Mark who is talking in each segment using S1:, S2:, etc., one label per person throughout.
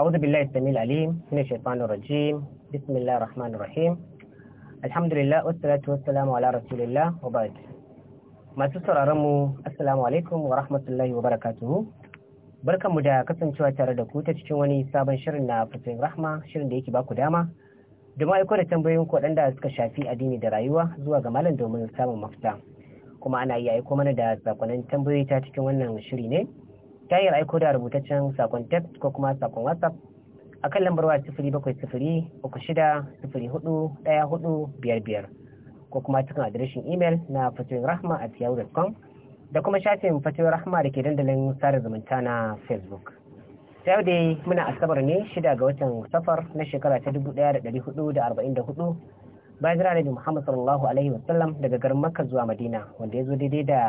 S1: أعوذ بالله السميع العليم من الشيطان الرجيم بسم الله الرحمن الرحيم الحمد لله والصلاة والسلام على رسول الله وبعد ما mu assalamu da kasancewa tare da ku ta cikin wani sabon shirin na rahma shirin da yake baku dama da ma'aiko da tambayoyin ku waɗanda suka shafi addini da rayuwa zuwa ga malam domin samun mafita kuma ana mana da sakonnin tambayoyi ta cikin wannan shiri ne ta yin aiko da rubutaccen sakon text ko kuma sakon whatsapp a kan lambar waya sifiri bakwai sifiri uku shida sifiri hudu daya hudu biyar biyar ko kuma cikin adireshin imel na fatiwin rahma a yahoo.com da kuma shafin fatiwin rahma da ke dandalin sada zumunta na facebook yau dai muna asabar ne shida ga watan safar na shekara ta dubu daya da dari hudu da arba'in da hudu bayan jira nabi muhammad sallallahu alaihi wasallam daga garin makka zuwa madina wanda ya zo daidai da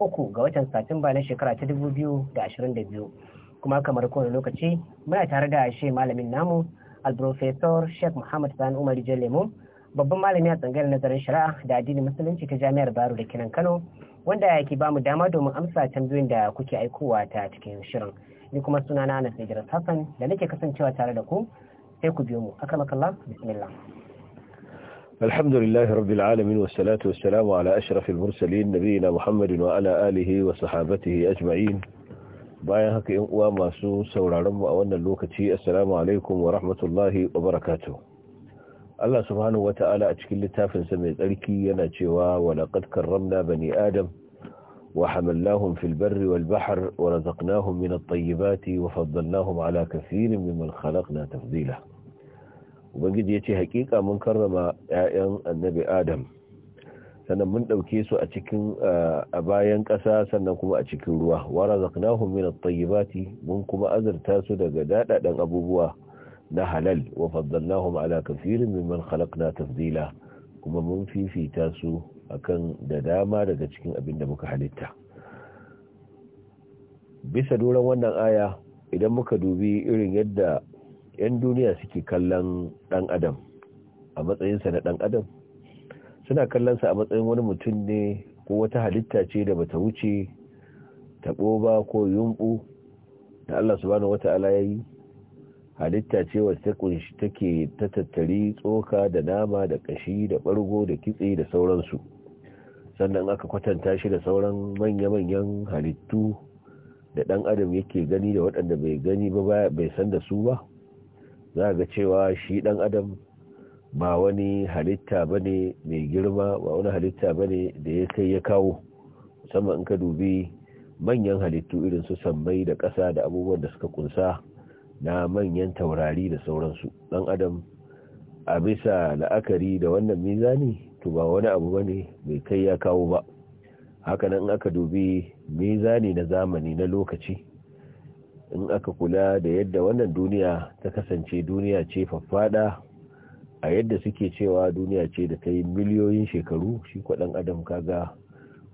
S1: uku ga watan satumba na shekara ta dubu biyu da ashirin da biyu kuma kamar kowane lokaci muna tare da shi malamin namu alprofesor sheikh muhammad sani umar lemo babban malami a tsangayar nazarin shari'a da addinin musulunci ta jami'ar baru da kinan kano wanda yake ba mu dama domin amsa tambayoyin da kuke aikowa ta cikin shirin ni kuma sunana na sai hassan da nake kasancewa tare da ku sai ku biyo mu akan bismillah
S2: الحمد لله رب العالمين والصلاة والسلام على أشرف المرسلين نبينا محمد وعلى آله وصحابته أجمعين بايها وماسو سورارم وأولا اللوكتي السلام عليكم ورحمة الله وبركاته الله سبحانه وتعالى أتكل تافن سمي ذلكي ينجوا ولقد كرمنا بني آدم وحملناهم في البر والبحر ورزقناهم من الطيبات وفضلناهم على كثير ممن خلقنا تفضيله ubangiji ya ce hakika mun karrama 'ya'yan annabi adam sannan mun ɗauke su a cikin a bayan ƙasa sannan kuma a cikin ruwa wara zaknahum min at-tayyibati mun kuma azurta su daga daɗaɗen abubuwa na halal wa faddalnahum ala kathirin mimman na tafzila kuma mun fifita su akan da dama daga cikin abin da muka halitta bisa doron wannan aya idan muka dubi irin yadda 'yan duniya suke kallon ɗan adam a matsayinsa na ɗan adam suna kallonsa a matsayin wani mutum ne ko wata halitta ce da bata wuce taɓo ba ko yumɓu da Allah subhanahu wata'ala ya yi halitta ce wacce kunshi take ta tattari tsoka da nama da ƙashi da ɓargo da kitse da sauransu sannan aka kwatanta shi da sauran manya-manyan halittu da ɗan adam yake gani da waɗanda bai gani ba bai san da su ba za ga cewa shi dan adam ba wani halitta bane mai girma ba wani halitta bane da ya kai ya kawo musamman in ka dubi manyan halittu irin su sammai da ƙasa da abubuwan da suka kunsa na manyan taurari da sauransu dan adam a bisa la'akari da wannan mizani to ba wani abu bane mai kai ya kawo ba hakanan in aka dubi mizani na zamani na lokaci in aka kula da yadda wannan duniya ta kasance duniya ce faffada a yadda suke cewa duniya ce da ta yi miliyoyin shekaru shi kwaɗan adam kaga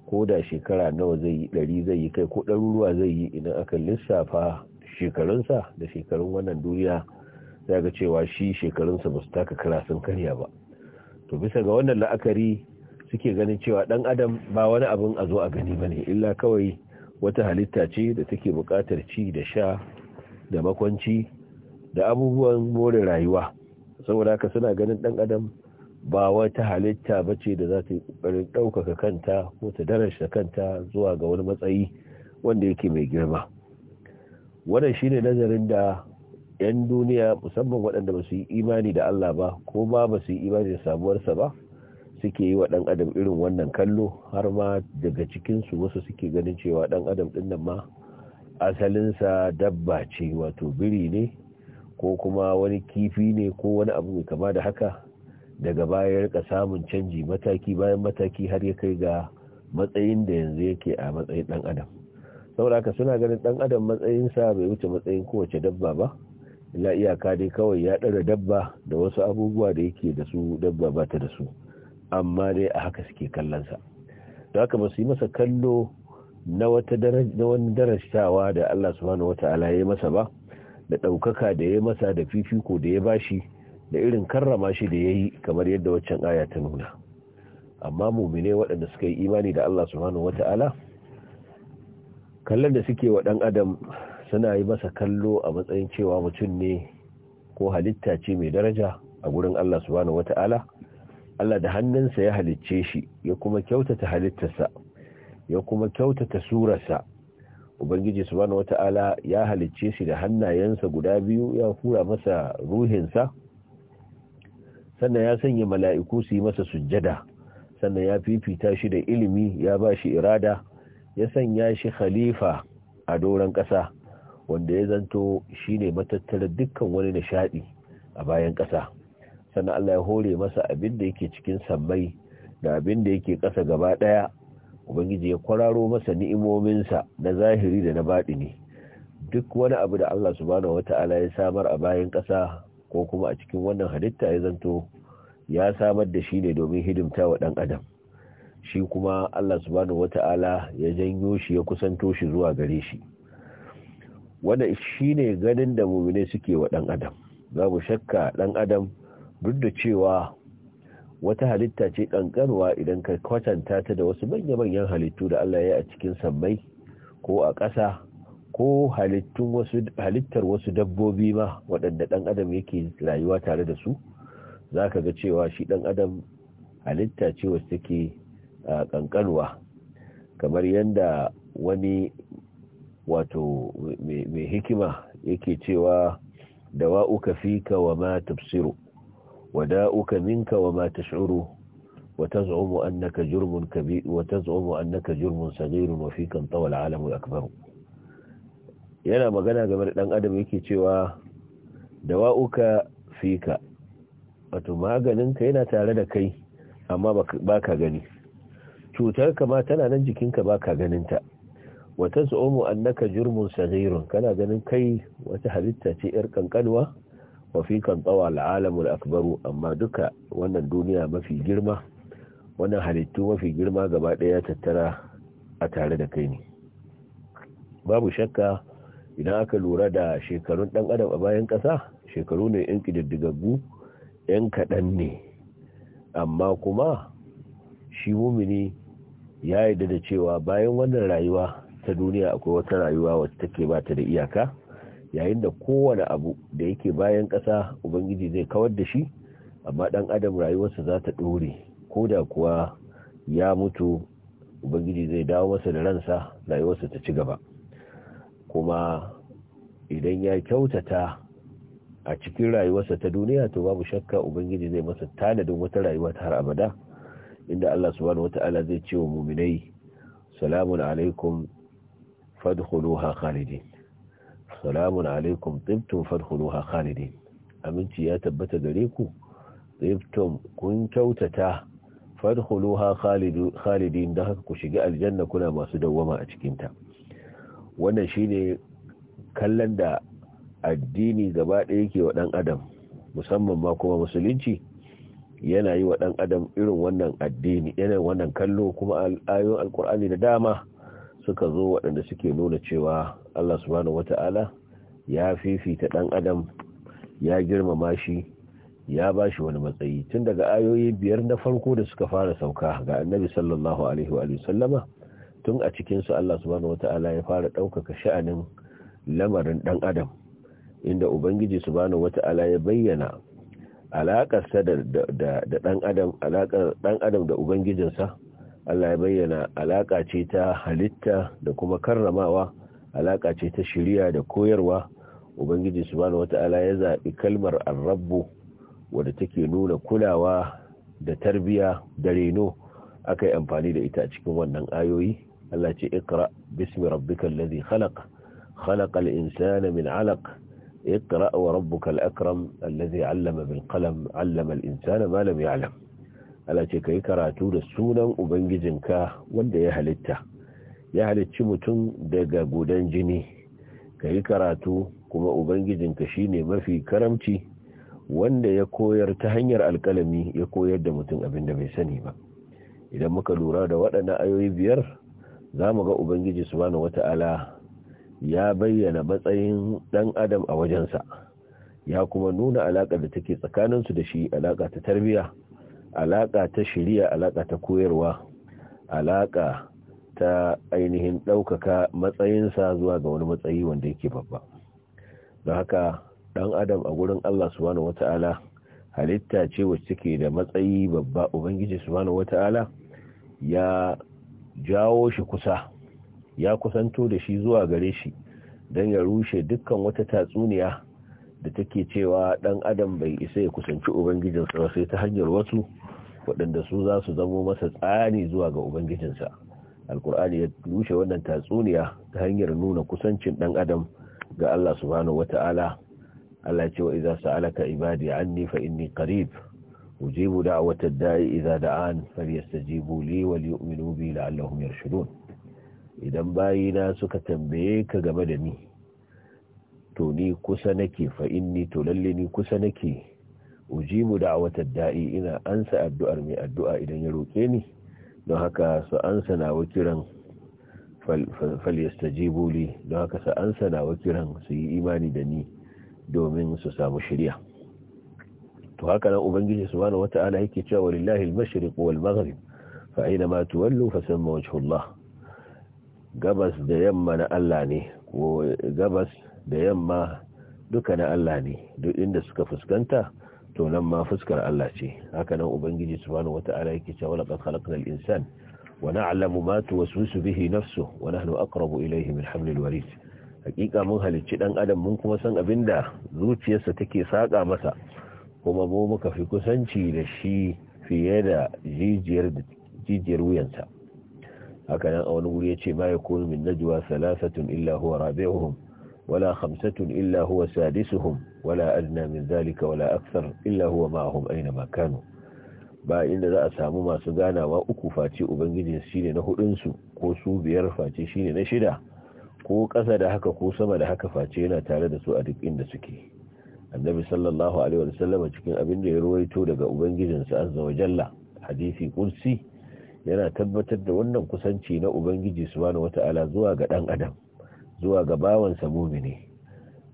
S2: ko da shekara nawa zai yi ɗari zai yi kai ko ɗaruruwa zai yi idan aka lissafa shekarunsa da shekarun wannan duniya za ga cewa shi shekarunsa ba su taka kara sun karya ba to bisa ga wannan la'akari suke ganin cewa ɗan adam ba wani abin a zo a gani ba ne illa kawai wata halitta ce da take bukatar ci da sha da makwanci da abubuwan more rayuwa saboda haka suna ganin ɗan adam ba wata halitta ba ce da za ta yi ɗaukaka kanta ko ta darasha kanta zuwa ga wani matsayi wanda yake mai girma wannan shine nazarin da 'yan duniya musamman waɗanda ba su yi imani da Allah ba ko ma ba su yi imani da sabuwarsa ba suke yi wa ɗan adam irin wannan kallo har ma daga cikinsu wasu suke ganin cewa ɗan adam ɗin nan ma asalinsa dabba ce wato biri ne ko kuma wani kifi ne ko wani abu mai kama da haka daga baya rika samun canji mataki bayan mataki har ya kai ga matsayin da yanzu yake a matsayin ɗan adam saboda haka suna ganin ɗan adam matsayinsa bai wuce matsayin kowace dabba ba illa iyaka dai kawai ya ɗara dabba da wasu abubuwa da yake da su dabba ba ta da su amma dai a haka suke kallonsa da haka ba yi masa kallo na wata wani darashtawa da Allah subhanahu wata'ala ya yi masa ba da ɗaukaka da ya masa da fifiko da ya bashi da irin karrama shi da ya yi kamar yadda waccan aya ta nuna amma mumine waɗanda suka yi imani da Allah subhanahu wata'ala kallon da suke wa ɗan adam suna yi masa kallo a matsayin cewa mutum ne ko halitta ce mai daraja a gurin Allah subhanahu wata'ala Allah da hannunsa ya halicce shi ya kuma kyautata halittarsa ya kuma kyautata surarsa ubangiji subhanahu wata'ala ya halicce shi da hannayensa guda biyu ya kura masa ruhinsa sannan ya sanya mala'iku su yi masa sujjada sannan ya fifita shi da ilimi ya ba shi irada ya sanya shi khalifa a doron ƙasa wanda ya zanto shine matattara dukkan wani nishaɗi a bayan ƙasa sannan Allah ya hore masa abin da yake cikin sammai da abin da yake kasa gaba ɗaya ubangiji ya kwararo masa ni'imominsa na zahiri da na baɗini duk wani abu da Allah subhanahu wata'ala ya samar a bayan kasa ko kuma a cikin wannan halitta ya zanto ya samar da shi ne domin hidimta wa ɗan adam shi kuma Allah subhanahu wata'ala ya janyo shi ya kusanto shi zuwa gare shi wanda shi ne ganin da mumine suke wa ɗan adam babu shakka ɗan adam duk da cewa wata halitta ce kankanwa idan ka kwatanta ta da wasu manya-manyan halittu da Allah ya yi a cikin sammai ko a ƙasa ko halittar wasu dabbobi ma waɗanda ɗan adam yake rayuwa tare da su za ka ga cewa shi ɗan adam halitta ce wasu take kankanwa kamar yadda wani wato mai hikima yake cewa da wa'uka fika wa ma tafsiru وداؤك منك وما تشعره وتزعم أنك جرم كبير وتزعم أنك جرم صغير وفيك انطوى العالم أكبر yana magana game da ɗan adam yake cewa dawa'uka fika maganin ka yana tare da kai amma ba ka gani cutarka ma tana nan jikinka ba ka ganinta wata tsomu annaka jurmun sagirun kana ganin kai wata halitta ce yar kankanwa wafi kan tsawa al'alamul akbaru amma duka wannan duniya mafi girma wannan halittu mafi girma gaba ɗaya tattara a tare da kai ne babu shakka idan aka lura da shekarun ɗan adam a bayan ƙasa shekaru ne yan ƙididdigaggu yan kaɗan ne amma kuma shi mumini ya yi da cewa bayan wannan rayuwa ta duniya akwai wata rayuwa wacce take ba ta da iyaka yayin da kowane abu da yake bayan ƙasa ubangiji zai kawar da shi amma ɗan adam rayuwarsa za ta ɗore ko da kuwa ya mutu ubangiji zai dawo masa da ransa rayuwarsa ta ci gaba kuma idan ya kyautata a cikin rayuwarsa ta duniya to babu shakka ubangiji zai masa tanadin wata rayuwa ta har abada inda Allah subhanahu wata'ala zai ce wa muminai salamun alaikum fadkhuluha khalidin salamun alaikum tsibtun fadkhuluha khalidin aminci ya tabbata gare ku tsibtun kun kyautata fadkhuluha khalidin da haka ku shiga aljanna kuna masu dawwama a cikin ta wannan shine kallon da addini gaba ɗaya yake wa dan adam musamman ma kuma musulunci yana yi wa ɗan adam irin wannan addini irin wannan kallo kuma ayoyin alkur'ani da dama suka zo waɗanda suke nuna cewa Allah subhanahu wata'ala ya fifita dan adam ya girmama shi ya ba shi wani matsayi tun daga ayoyi biyar na farko da suka fara sauka ga annabi sallallahu alaihi wa sallama tun a cikinsu Allah subhanahu wata'ala ya fara ɗaukaka sha'anin lamarin ɗan adam inda ubangiji subhanahu wata'ala ya bayyana sa da ɗan adam alaƙar ɗan adam da ubangijinsa Allah ya bayyana alaƙa ce ta halitta da kuma karramawa alaka ce ta shiriya da koyarwa ubangiji subhanahu wata'ala ya zaɓi kalmar arrabbu wadda take nuna kulawa da tarbiya da reno aka yi amfani da ita a cikin wannan ayoyi Allah ce ikra bismi rabbikal ladhi khalaq khalaqal insana min 'alaq اقرأ وربك الأكرم الذي علم بالقلم علم الإنسان ما لم يعلم ألا تكي karatu da sunan Ubangijinka wanda ya halitta ya halicci mutum daga gudan jini ka yi karatu kuma ubangijinka shine mafi karamci wanda ya koyar ta hanyar alkalami ya koyar da mutum abin da bai sani ba idan muka lura da waɗannan ayoyi biyar za mu ga ubangiji subhanahu wata'ala ya bayyana matsayin ɗan adam a wajensa ya kuma nuna alaƙa da take tsakaninsu da shi alaƙa ta tarbiyya alaƙa ta shiriya alaƙa ta koyarwa alaƙa ta ainihin ɗaukaka matsayinsa zuwa ga wani matsayi wanda yake babba don haka ɗan adam a gurin Allah subhanahu ta'ala halitta ce wacce take da matsayi babba ubangiji subhanahu ta'ala ya jawo shi kusa ya kusanto da shi zuwa gare shi don ya rushe dukkan wata tatsuniya da take cewa ɗan adam bai isa ya kusanci ubangijinsa ba sai ta hanyar wasu waɗanda su za su zamo masa tsani zuwa ga ubangijinsa alkur'ani ya rushe wannan tatsuniya ta hanyar nuna kusancin dan adam ga Allah subhanahu wata'ala Allah ce wa idza sa'alaka ibadi anni fa inni qarib ujibu da'wata da'i idza da'an falyastajibu li wa liyu'minu bi la'allahum yarshudun idan bayina suka tambaye ka game da ni to ni kusa nake fa inni to lalle ni kusa nake ujibu da'wata da'i ina ansa addu'ar mai addu'a idan ya roke ni don haka su ansa wa kiran falyastajibu li don haka su ansa wa kiran su yi imani da ni domin su samu shirya to haka nan ubangiji subhanahu wata'ala yake cewa lillahi al-mashriq wal maghrib fa ma fa samma gabas da yamma na Allah ne ko gabas da yamma duka na Allah ne duk inda suka fuskanta to nan ma fuskar Allah ce haka nan ubangiji subhanahu wata'ala yake cewa laqad khalaqnal insana wa na'lamu ma tuwaswisu bihi nafsu wa nahnu aqrabu ilayhi min hablil warid hakika mun halicci dan adam mun kuma san abinda zuciyarsa take saka masa kuma mu muka fi kusanci da shi fiye da jijiyar jijiyar wuyansa haka nan a wani wuri yace ma yakunu min najwa salasatun illa huwa rabi'uhum ولا خمسة إلا هو سادسهم ولا أدنى من ذلك ولا أكثر إلا هو معهم أينما كانوا ba inda za a samu masu ganawa uku face ubangijin shine na hudunsu ko su biyar face shine na shida ko ƙasa da haka ko sama da haka face yana tare da su a duk inda suke annabi sallallahu alaihi wasallam cikin abin da ya ruwaito daga ubangijinsa azza wa jalla hadisi kursi yana tabbatar da wannan kusanci na ubangiji subhanahu wata'ala zuwa ga dan adam zuwa ga bawansa mumini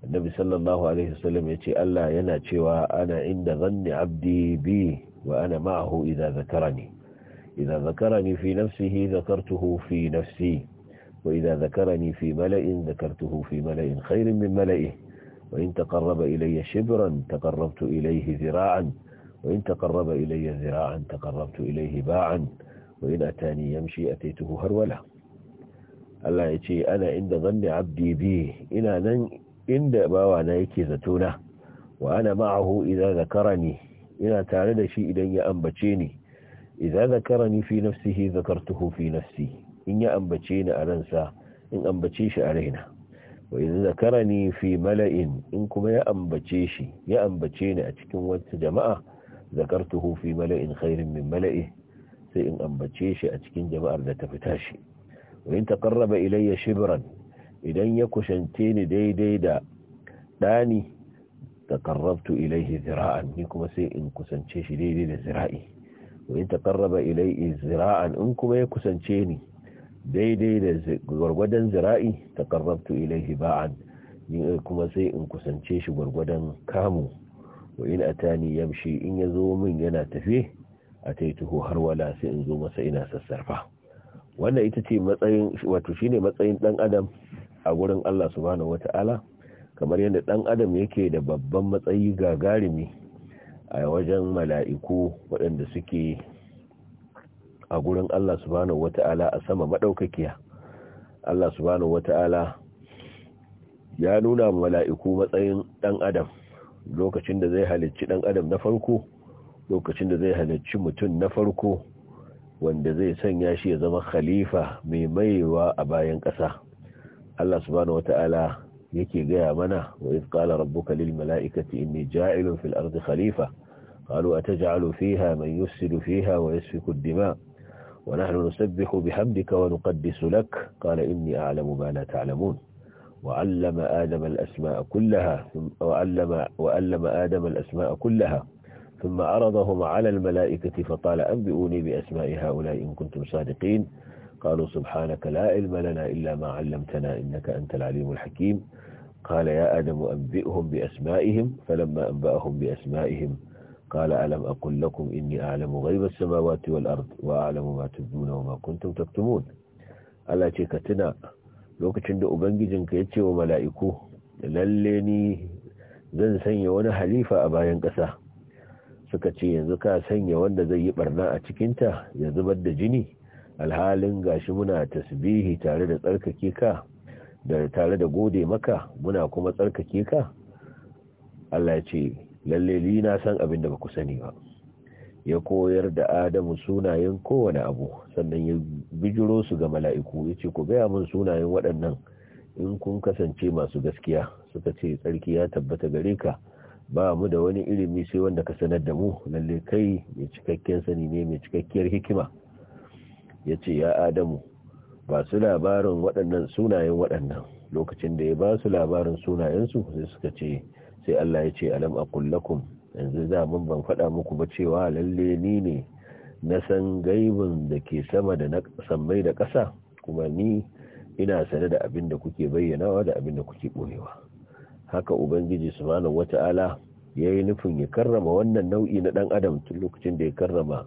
S2: annabi sallallahu alaihi wasallam ya ce Allah yana cewa ana inda zanni abdi bi wa ana ma'ahu idza zakarani idza zakarani fi nafsihi zakartuhu fi nafsi wa idza zakarani fi mala'in zakartuhu fi mala'in khairin min mala'ihi wa in taqarraba ilayya shibran taqarrabtu ilayhi zira'an wa وإن تقرب إلي ذراعا تقربت إليه باعا وإن أتاني يمشي أتيته هرولا Allah ya ce ana inda zanni abdi bi ina nan inda bawa na yake zato na wa ana ma'ahu idza zakarani ina tare da shi idan ya ambace ni idza zakarani fi nafsihi zakartuhu fi nafsi in ya ambace ni a ransa in ambace shi a raina wa idza zakarani fi mala'in in kuma ya ambace shi ya ambace ni a cikin wata jama'a zakartuhu fi mala'in khairin min mala'i sai in ambace shi a cikin jama'ar da ta fita shi in taqarraba ilayya shibran idan ya kushance ni daidai da dani taqarrabtu ilayhi zira'an ni kuma sai in kusance shi daidai da zira'i wa in taqarraba ilayhi in kuma ya kusance ni daidai da gwargwadon zira'i taqarrabtu ilayhi ba'an ni kuma sai in kusance shi gwargwadon kamu wa in atani yamshi in yazo min yana tafe ataituhu har wala sai in zo masa ina sassarfa wannan ita ce matsayin wato shine matsayin dan adam a gurin Allah subhanahu wata'ala kamar yadda dan adam yake da babban matsayi gagarumi a wajen mala'iku waɗanda suke a gurin Allah subhanahu wata'ala a sama madaukakiya Allah subhanahu wata'ala ya nuna mala'iku matsayin dan adam lokacin da zai halicci dan adam na farko lokacin da zai halicci mutum na farko wanda zai sanya shi ya zama khalifa mai maiwa a bayan ƙasa Allah subhanahu wata'ala yake gaya mana wa iz qala rabbuka lil mala'ikati inni ja'ilun fil ardi khalifa qalu ataj'alu fiha man yufsidu fiha wa yasfiku ad-dima' wa nahnu nusabbihu bihamdika wa nuqaddisu lak qala inni a'lamu ma la ta'lamun وعلم آدم الأسماء كلها وعلم, وعلم آدم الأسماء كلها ثم عرضهم على الملائكة فقال أنبئوني بأسماء هؤلاء إن كنتم صادقين قالوا سبحانك لا علم لنا إلا ما علمتنا إنك أنت العليم الحكيم قال يا آدم أنبئهم بأسمائهم فلما أنبأهم بأسمائهم قال ألم أقل لكم إني أعلم غيب السماوات والأرض وأعلم ما تبدون وما كنتم تكتمون ألا تكتنا لوك تشند ubangijinka ya وملائكوه wa mala'iku lalle حليفة أبا ينكسه suka ce yanzu ka sanya wanda zai yi barna a cikinta ya zubar da jini alhalin gashi muna tasbihi tare da tsarkake ka da tare da gode maka muna kuma tsarkake ka Allah ya ce lalle li na san abin da baku sani ba ya koyar da Adamu sunayen kowane abu sannan ya bijiro su ga mala'iku ya ce ku gaya mun sunayen waɗannan in kun kasance masu gaskiya suka ce tsarki ya tabbata gare ka ba mu da wani ilimi sai wanda ka sanar da mu lalle kai mai cikakken sani ne mai cikakkiyar hikima ya ce ya adamu ba su labarin waɗannan sunayen waɗannan lokacin da ya ba su labarin sunayensu sai suka ce sai Allah ya ce alam a kullakum yanzu za mun ban faɗa muku ba cewa lalle ni ne na san gaibin da ke sama da na sammai da ƙasa kuma ni ina sane da abin da kuke bayyanawa da abin da kuke ɓoyewa haka ubangiji subhanahu wata'ala yayi nufin ya karrama wannan nau'i na dan adam tun lokacin da ya karrama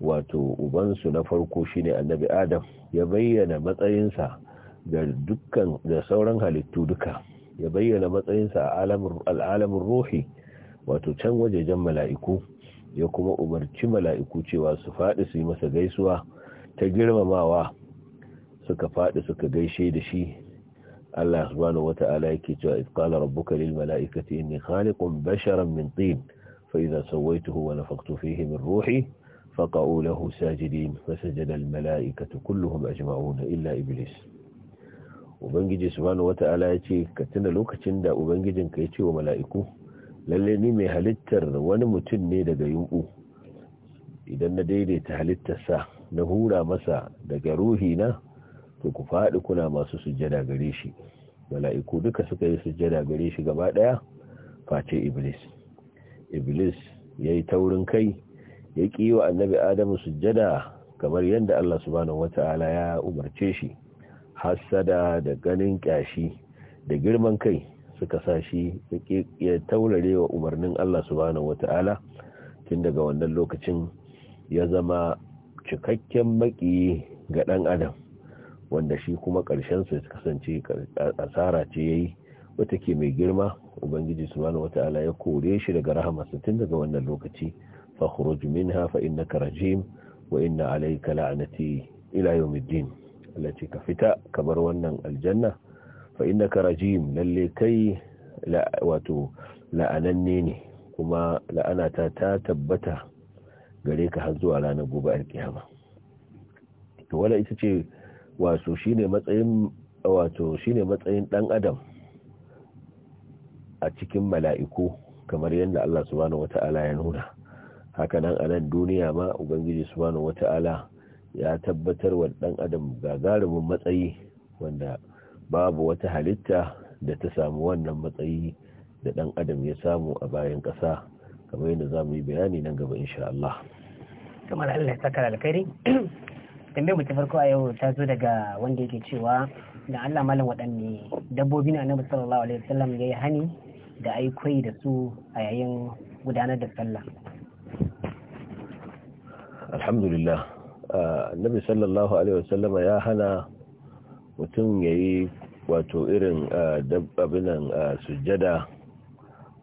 S2: wato ubansu na farko shine annabi adam ya bayyana matsayinsa da dukkan da sauran halittu duka ya bayyana matsayinsa a al'alamin ruhi wato can wajejen mala'iku ya kuma umarci mala'iku cewa su faɗi su yi masa gaisuwa ta girmamawa suka faɗi suka gaishe da shi Allah subhanahu wata'ala yake cewa idh qala rabbuka lil mala'ikati inni khaliqun basharan min tin fa idza sawaituhu wa nafaqtu fihi min ruhi faqa'u lahu sajidin fasajada al mala'ikatu kulluhum ajma'un illa iblis ubangiji subhanahu wata'ala yace ka tuna lokacin da ubangijin ka ce wa mala'iku lalle ni mai halittar wani mutum ne daga yunku idan na daidaita sa na hura masa daga ruhi na to ku faɗi kuna masu sujjada gare shi mala'iku duka suka yi sujjada gare shi gaba ɗaya face iblis iblis ya yi taurin kai ya ƙi wa annabi adamu sujjada kamar yadda Allah subhanahu wata'ala ya umarce shi hassada da ganin ƙyashi da girman kai suka sa shi ya taurare wa umarnin Allah subhanahu wata'ala tun daga wannan lokacin ya zama cikakken maƙiyi ga ɗan adam wanda shi kuma ƙarshen su kasance asara ce yayi wata ke mai girma ubangiji subhanahu wata'ala ya kore shi daga rahamarsa tun daga wannan lokaci fa khuruj minha fa innaka rajim wa inna alayka la'nati ila yawmiddin Allah ce ka fita ka bar wannan aljanna fa innaka rajim lalle kai wato la'ananne ne kuma la'anata ta tabbata gare ka har zuwa ranar gobe alkiyama to wala ita ce wato shine matsayin wato shine matsayin dan adam a cikin mala'iku kamar yadda Allah subhanahu wata'ala ya nuna hakanan a nan duniya ma ubangiji subhanahu wata'ala ya tabbatar wa dan adam gagarumin matsayi wanda babu wata halitta da ta samu wannan matsayi da dan adam ya samu a bayan kasa kamar yadda za yi bayani nan gaba insha Allah
S1: kamar Allah ya saka alkhairi
S2: tambayar mu ta farko
S1: a yau ta zo daga wanda yake cewa da Allah malam waɗanne dabbobi na annabi sallallahu alaihi wasallam ya yi hani da aikwai da su a yayin gudanar da sallah
S2: alhamdulillah annabi sallallahu alaihi wasallam ya hana mutum ya yi wato irin abinan sujjada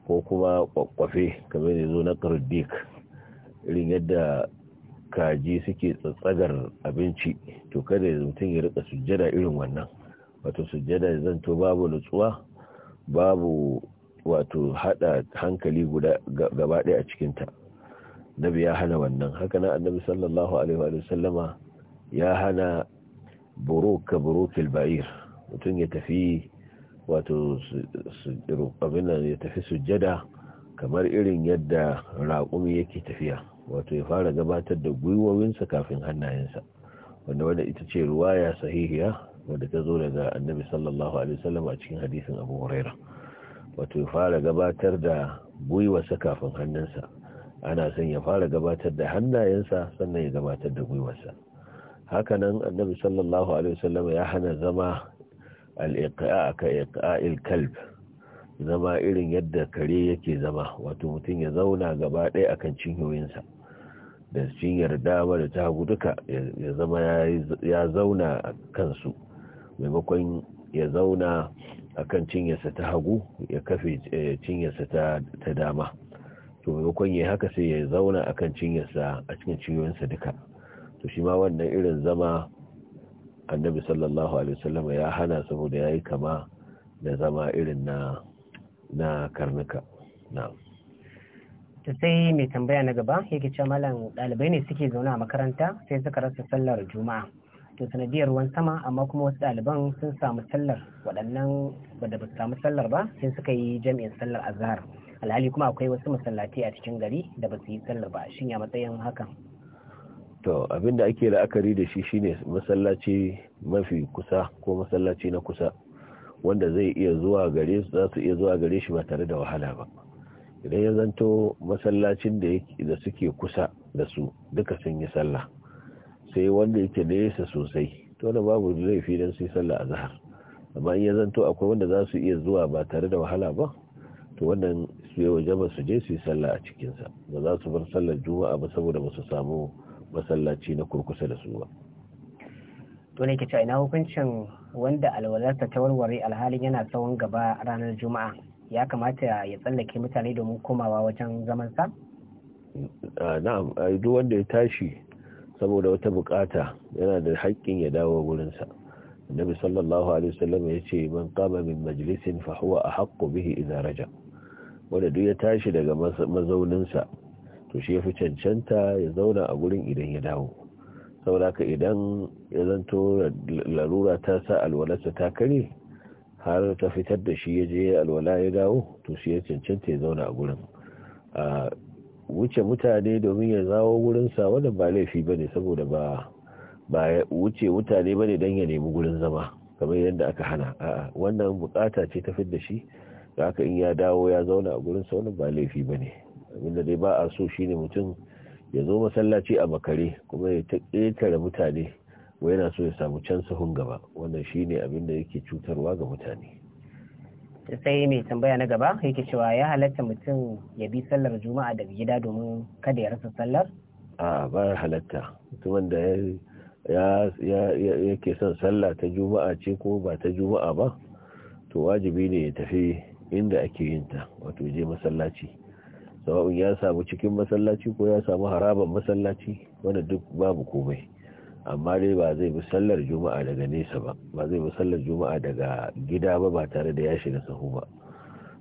S2: ko kuma kwakwafe kamar yanzu na kardik irin yadda kaji suke tsatsagar abinci to kada mutum ya rika sujjada irin wannan wato sujjada zan to babu nutsuwa babu wato hada hankali guda gaba ɗaya a cikinta nabi ya hana wannan haka na annabi sallallahu alaihi wa sallama ya hana buruka burukil ba'ir mutum ya tafi wato abin ya tafi sujjada kamar irin yadda raƙumi yake tafiya wato ya fara gabatar da gwiwowinsa kafin hannayensa wanda wanda ita ce ruwaya sahihiya wadda ta zo daga annabi sallallahu alaihi wasallam a cikin hadisin abu huraira wato ya fara gabatar da gwiwarsa kafin hannunsa ana son ya fara gabatar da hannayensa sannan ya gabatar da gwiwarsa hakanan annabi sallallahu alaihi wasallam ya hana zama al-iqa'a ka iqa'il kalb zama irin yadda kare yake zama wato mutum ya zauna gaba ɗaya akan cinyoyinsa da cin yarda ba da ta hagu duka ya zama ya zauna a kansu maimakon ya zauna a kan cinyarsa ta hagu ya kafe eh, cinyarsa ta dama to maimakon ya haka sai ya zauna a kan cinyarsa a cikin ciyoyinsa duka to shi ma wannan irin zama annabi sallallahu alaihi wasallam ya hana saboda ya yi kama da zama irin na karnuka na'am
S1: ta sai mai tambaya na gaba yake cewa malam ɗalibai ne suke zaune a makaranta sai suka rasa sallar juma'a to sanadiyar ruwan sama amma kuma wasu ɗaliban sun samu sallar waɗannan da ba samu sallar ba sai suka yi jami'in sallar azhar alhali kuma akwai wasu masallatai a cikin gari da ba su yi sallar ba shin ya matsayin haka
S2: to abin da ake la'akari da shi shine masallaci mafi kusa ko masallaci na kusa wanda zai iya zuwa gare su za su iya zuwa gare shi ba tare da wahala ba idan ya zanto masallacin da suke kusa da su duka sun yi sallah sai wanda yake nesa sosai to da babu laifi dan su yi sallah a zahar amma in ya zanto akwai wanda za su iya zuwa ba tare da wahala ba to wannan su yi waje su je su yi sallah a cikinsa ba za su bar sallar juma'a ba saboda ba su samu masallaci na kurkusa da su ba
S1: to ne ke ina hukuncin wanda alwalarsa ta warware alhalin yana tsawon gaba ranar juma'a ya kamata ya tsallake mutane domin komawa wajen zaman sa
S2: na'am duk wanda ya tashi saboda wata bukata yana da haƙƙin ya dawo gurinsa annabi sallallahu alaihi wasallam ya ce man qama min majlisin fa a ahaqqu bihi idza raja wanda duk ya tashi daga mazauninsa to shi ya fi cancanta ya zauna a gurin idan ya dawo saboda idan ya zanto larura ta sa alwalarsa ta kare har ta fitar da shi ya je alwala ya dawo to shi ya cancanta ya zauna a gurin a wuce mutane domin ya zawo gurinsa wannan ba laifi ba saboda ba ba wuce mutane bane dan ya nemi gurin zama kamar yadda aka hana a wannan bukata ce ta da shi da aka in ya dawo ya zauna a gurinsa wannan ba laifi ba ne abinda dai ba a so shine mutum ya zo masallaci a bakare kuma ya ta ƙetare mutane wai yana so ya samu can sahun gaba wannan shine abin da yake cutarwa ga mutane
S1: sai mai tambaya na gaba yake cewa ya halatta mutum ya bi sallar juma'a daga gida domin kada ya rasa sallar
S2: a ba halatta mutumin da yake son sallah ta juma'a ce ko ba ta juma'a ba to wajibi ne ya tafi inda ake yin ta wato je masallaci sawa'un ya samu cikin masallaci ko ya samu haraban masallaci wanda duk babu komai amma dai ba zai bi sallar juma'a daga nesa ba ba zai bi sallar juma'a daga gida ba ba tare da ya shiga sahu ba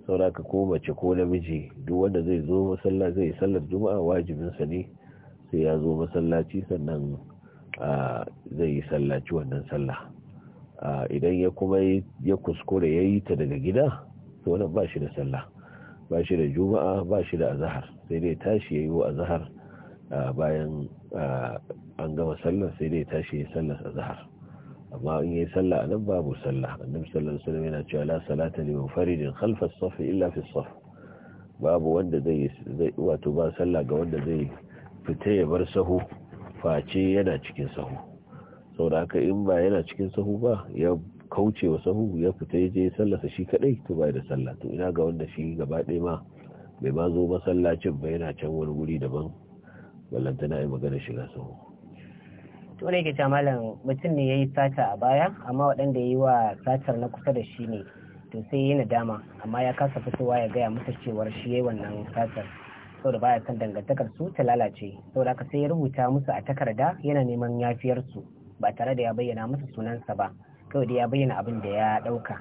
S2: sauraka ko mace ko namiji duk wanda zai zo masalla zai sallar juma'a wajibin sa ne sai ya zo masallaci sannan zai yi sallaci wannan sallah idan ya kuma ya kuskure ya yi ta daga gida to wannan ba shi da sallah ba shi da juma'a ba shi da azahar sai dai tashi ya yi wa azahar bayan Eh, an gama sallar sai dai tashi ya sallar a zahar amma in yi sallah a nan babu sallah annabi sallallahu sallar wasallam yana cewa la salata li fari din as-saff illa fi babu wanda zai wato ba sallah ga wanda zai fita ya bar sahu face yana cikin sahu saboda haka in ba yana cikin sahu ba ya kauce wa sahu ya fita ya je shi kadai to bai da sallah to ina ga wanda shi gaba ɗaya ma bai ma zo masallacin ba yana can wani wuri daban ballantana na yi magana shiga sahu
S1: tunai ke malam mutum ne ya yi sata a baya amma waɗanda ya yi wa satar na kusa da shi ne to sai yi nadama amma ya kasa fitowa ya gaya masa cewar shi ya yi wannan satar saboda baya son dangantakar su ta lalace saboda haka sai ya rubuta musu a takarda yana neman yafiyarsu ba tare da ya bayyana musu sunansa ba kawai da ya bayyana abin da ya ɗauka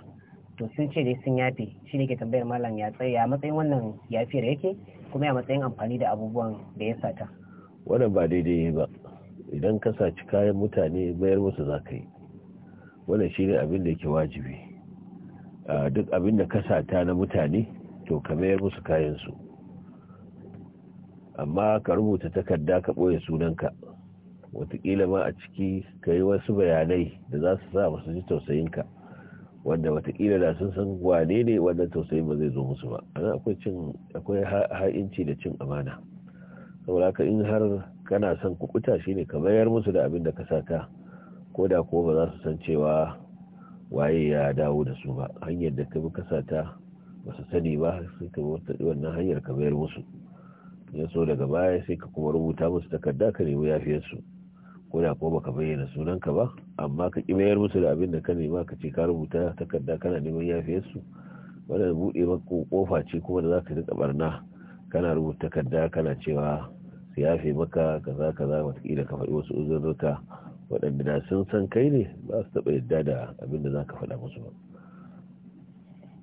S1: to sun ce dai sun yafe shi ne ke tambayar malam ya tsaya matsayin wannan yafiyar yake kuma ya matsayin amfani da abubuwan da ya sata.
S2: wannan ba daidai ba idan ka saci kayan mutane bayar musu za ka yi wannan shi ne abin da yake wajibi duk abin da ka sata na mutane to ka mayar musu kayansu amma ka rubuta takarda ka ɓoye sunanka watakila ma a ciki ka yi wasu bayanai da za su sa masu ji tausayinka wanda watakila da sun san wane ne wannan tausayin ba zai zo musu ba akwai ha'inci da cin amana saboda in har kana son kukuta ne ka bayar musu da abin da ka sata ko da ko ba za su san cewa waye ya dawo da su ba hanyar da ka bi ka sata ba su sani ba sai ka wannan hanyar ka bayar musu ya so daga baya sai ka kuma rubuta musu takarda ka nemi yafiyar su ko da ko baka bayyana sunan ka ba amma ka ki bayar musu da abin da ka nema ka ce ka rubuta takarda kana neman yafiyar su buɗe maka kofa ce kuma da za ka rika barna kana rubuta takarda kana cewa su yafe maka kaza kaza watakila ka faɗi wasu uzurruka waɗanda da sun san kai ne ba su taɓa yadda da abin da za ka faɗa musu ba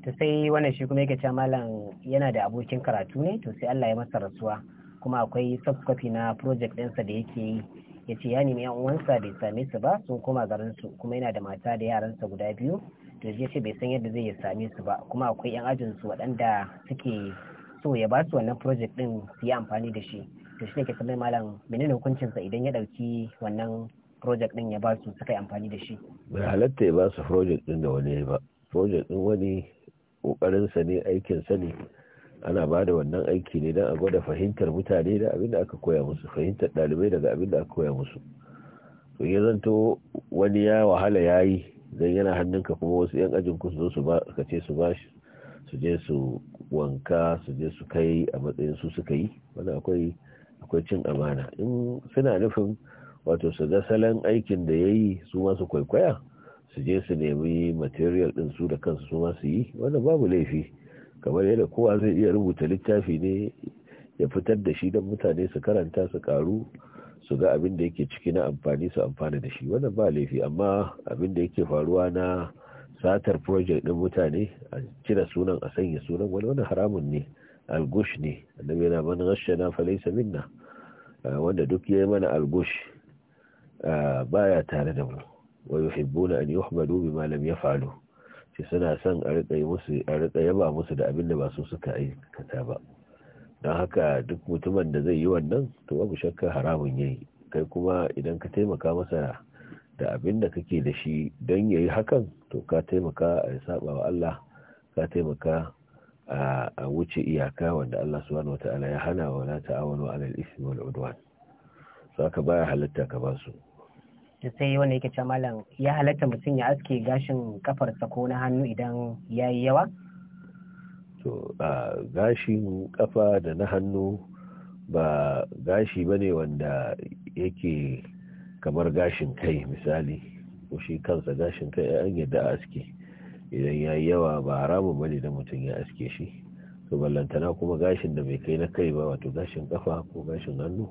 S1: ta sai wannan shi kuma yake malam yana da abokin karatu ne to sai Allah ya masa rasuwa kuma akwai subcopy na project ɗinsa da yake yi ya ce ya nemi yan uwansa bai same su ba sun koma garin su kuma yana da mata da yaransa guda biyu to ya ce bai san yadda zai ya same su ba kuma akwai yan ajin su waɗanda suke so ya ba su wannan project ɗin su yi amfani da shi to shi ne ke tambayar malam menene hukuncinsa idan ya dauki wannan project din ya ba su suka yi amfani da shi
S2: bai halatta ya ba su project din da wani ba project din wani kokarin sa ne aikin sa ne ana ba da wannan aiki ne dan a gwada fahimtar mutane da abin da aka koya musu fahimtar dalibai daga abin da aka koya musu to ya zanto wani ya wahala ya yi don yana hannunka kuma wasu 'yan ajin ku su zo ka ce su ba shi su je su wanka su je su kai a matsayin su suka yi wani akwai akwai cin amana in suna nufin wato su ga salon aikin da ya yi su masu kwaikwaya su je su nemi material din su da kansu su masu yi wanda babu laifi kamar yadda kowa zai iya rubuta littafi ne ya fitar da shi don mutane su karanta su karu su ga abin da yake ciki na amfani su amfana da shi wannan ba laifi amma abin da yake faruwa na satar project din mutane a cire sunan a sanya sunan wani wani haramun ne algush ne annabi yana rashana fa falaysa minna ah, wanda duk yayi mana algush ah, baya tare da mu wa yuhibbuna an yuhmadu bima lam yaf'alu shi suna son a rika yi musu a rika yaba musu da abin da ba su suka aikata ba dan haka duk mutumin da zai yi wannan to babu shakka haramun yayi kai kuma idan ka taimaka masa da abin da kake da shi don yayi hakan to ka taimaka a saba wa Allah ka taimaka a wuce iyaka wanda Allah subhanahu wata'ala ya hana wa la ta'awanu 'alal ismi wal udwan aka baya halatta ka ba su
S1: sai wanda yake cewa malam ya halatta mutum ya aske gashin kafarsa ko na hannu idan yayi yawa
S2: to gashin kafa da na hannu ba gashi ba ne wanda yake kamar gashin kai misali ko shi kansa gashin kai an yadda a aske idan ya yawa ba haramun bane da mutum ya aske shi to ballantana kuma gashin da bai kai na kai ba wato gashin kafa ko gashin hannu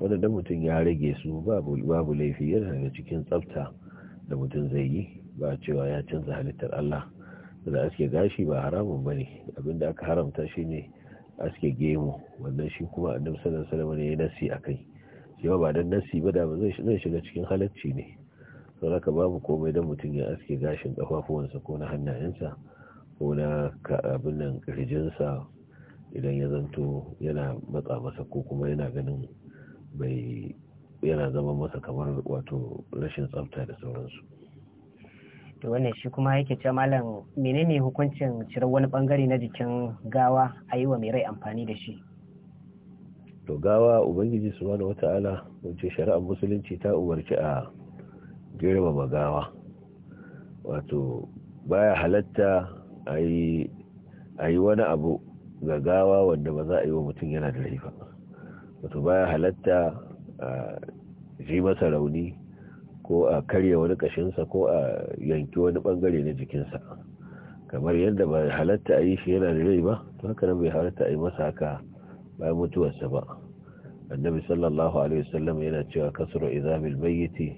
S2: wanda da mutum ya rage su babu laifi yana daga cikin tsafta da mutum zai yi ba cewa ya canza halittar Allah da aske gashi ba haramun bane abinda aka haramta shi ne aske gemu wannan shi kuma a sallallahu alaihi wasallam ne ya nasi kai cewa ba dan nasi ba da ba zai shiga cikin halacci ne saraka babu komai don mutum ya aske gashin kafafuwansa ko na hannayensa ko na abin nan kirjinsa idan ya zanto yana matsa masa ko kuma yana ganin bai yana zama masa kamar wato rashin tsafta da sauransu
S1: wannan shi kuma yake ce malam menene hukuncin cire wani bangare na jikin gawa a yi wa mai rai amfani da shi
S2: to gawa ubangiji subhanahu wata'ala wace shari'ar musulunci ta umarci a girmama gawa wato baya halatta a yi wani abu ga gawa wanda ba za a yi wa mutum yana da laifa wato baya halatta a ji masa rauni ko a karya wani kashinsa ko a yanki wani bangare na jikinsa kamar yadda ba halatta a yi shi yana da rai ba to haka nan bai halatta a yi masa haka bayan mutuwarsa ba annabi sallallahu alaihi wasallam yana cewa kasru izamil mayyiti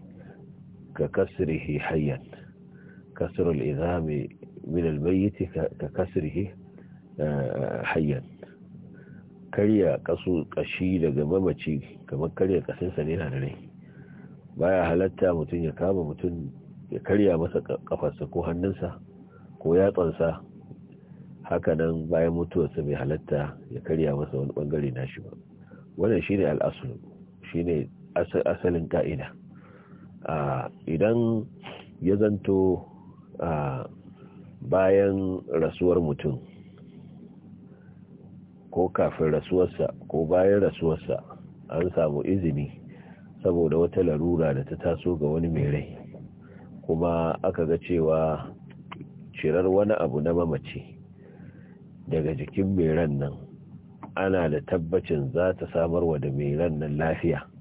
S2: ككسره حيا كسر الإذهام من الميت ككسره حيا karya kasu kashi daga mamaci kamar karya kasinsa ne na da rai baya halatta mutum ya kama mutum ya karya masa kafarsa ko hannunsa ko yatsansa hakanan bayan mutuwarsa bai halatta ya karya masa wani bangare nashi ba wannan shine al'asul shine asalin ka'ida idan ya zanto bayan rasuwar mutum ko kafin rasuwarsa ko bayan rasuwarsa an samu izini saboda wata larura da ta taso ga wani mai rai kuma aka ga cewa cirar wani abu na mamaci daga jikin mai ran nan ana da tabbacin za ta samarwa da mai ran nan lafiya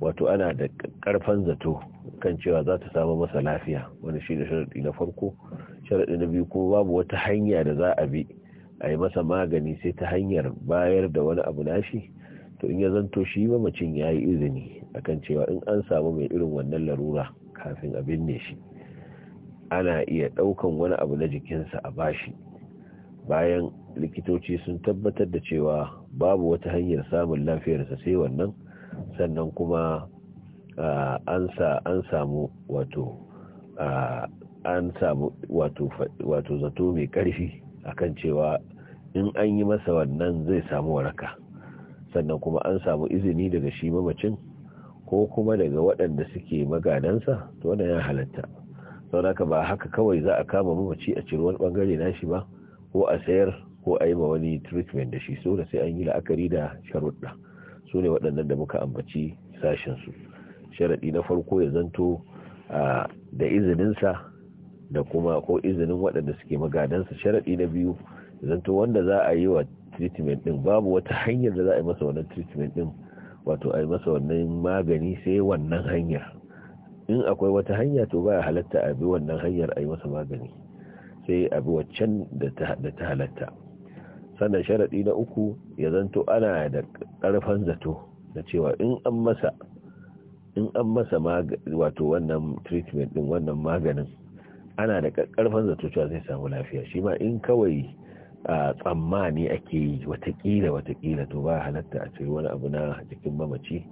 S2: wato ana da karfan zato kan cewa za ta samu masa lafiya wani shi da sharaɗi na farko sharaɗi na biyu kuma babu wata hanya da za a bi a yi masa magani sai ta hanyar bayar da wani abu nashi to in ya zanto shi mamacin ya yi izini akan cewa in an samu mai irin wannan larura kafin a binne shi ana iya ɗaukan wani abu na jikinsa a bashi bayan likitoci sun tabbatar da cewa babu wata hanyar samun lafiyarsa sai wannan sannan kuma an samu wato an samu wato zato mai karfi akan cewa in an yi masa wannan zai samu waraka sannan kuma an samu izini daga shi mamacin ko kuma daga waɗanda suke magadansa to wannan ya halatta ka ba haka kawai za a kama mamaci a ciro wani bangare na shi ba ko a sayar ko a yi ma wani treatment da shi so da sai an yi la'akari da sharuɗa su ne waɗannan da muka ambaci sashensu sharaɗi na farko ya zanto da izininsa da kuma ko izinin waɗanda suke magadansa sharaɗi na biyu zanto wanda za a yi wa treatment ɗin babu wata hanyar da za a yi masa wannan treatment ɗin wato a yi masa wannan magani sai wannan hanyar in akwai wata hanya to baya halatta a bi wannan hanyar a yi masa magani sai a bi waccan da ta halatta sannan sharaɗi na uku ya zanto ana da ƙarfan zato da cewa in an masa in an masa wato wannan treatment din wannan maganin ana da ƙarfan zato cewa zai samu lafiya shi ma in kawai a tsammani ake yi watakila watakila to ba halatta a cikin wani abu na jikin mamaci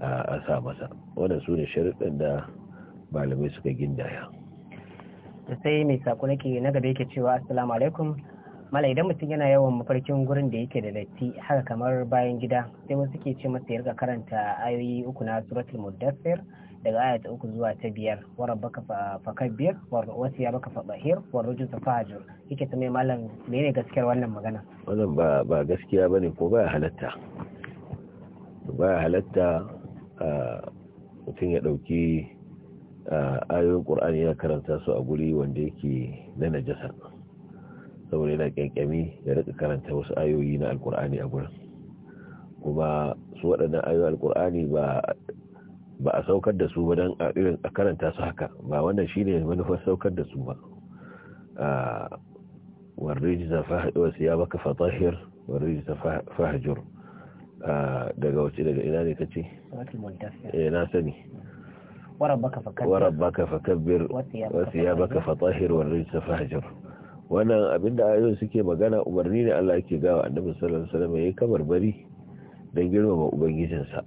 S2: a sa masa wannan su ne sharaɗin da malamai suka gindaya
S1: sai mai sako nake na gaba yake cewa asalamu alaikum mala idan mutum yana yawan mafarkin gurin da yake da datti haka kamar bayan gida sai wasu ke ce masa ya rika karanta ayoyi uku na suratul muddassir daga aya ta uku zuwa ta biyar wa rabbaka fakabbir wa wasiyabaka fadahir wa rujuta fahjur yake ta mai malam menene gaskiyar wannan magana
S2: wannan ba ba gaskiya bane ko ba halatta ba halatta mutum ya dauki ayoyin qur'ani ya karanta su a guri wanda yake na najasa saboda yana kyankyami ya rika karanta wasu ayoyi na alkur'ani a gurin kuma su waɗannan ayoyi alkur'ani ba a saukar da su ba don a irin a karanta su haka ba wannan shi ne manufar saukar da su ba warriji ta wasu ya baka fatahir ji ta fahajur daga wace daga ina ne ka ce? Eh, na sani warabbaka fakabbir wasu ya baka fatahir ji ta fahajur wannan abin da ayoyin suke magana umarni ne Allah yake gawa annabi sallallahu alaihi wasallam yayi kabarbari dan girmama ubangijinsa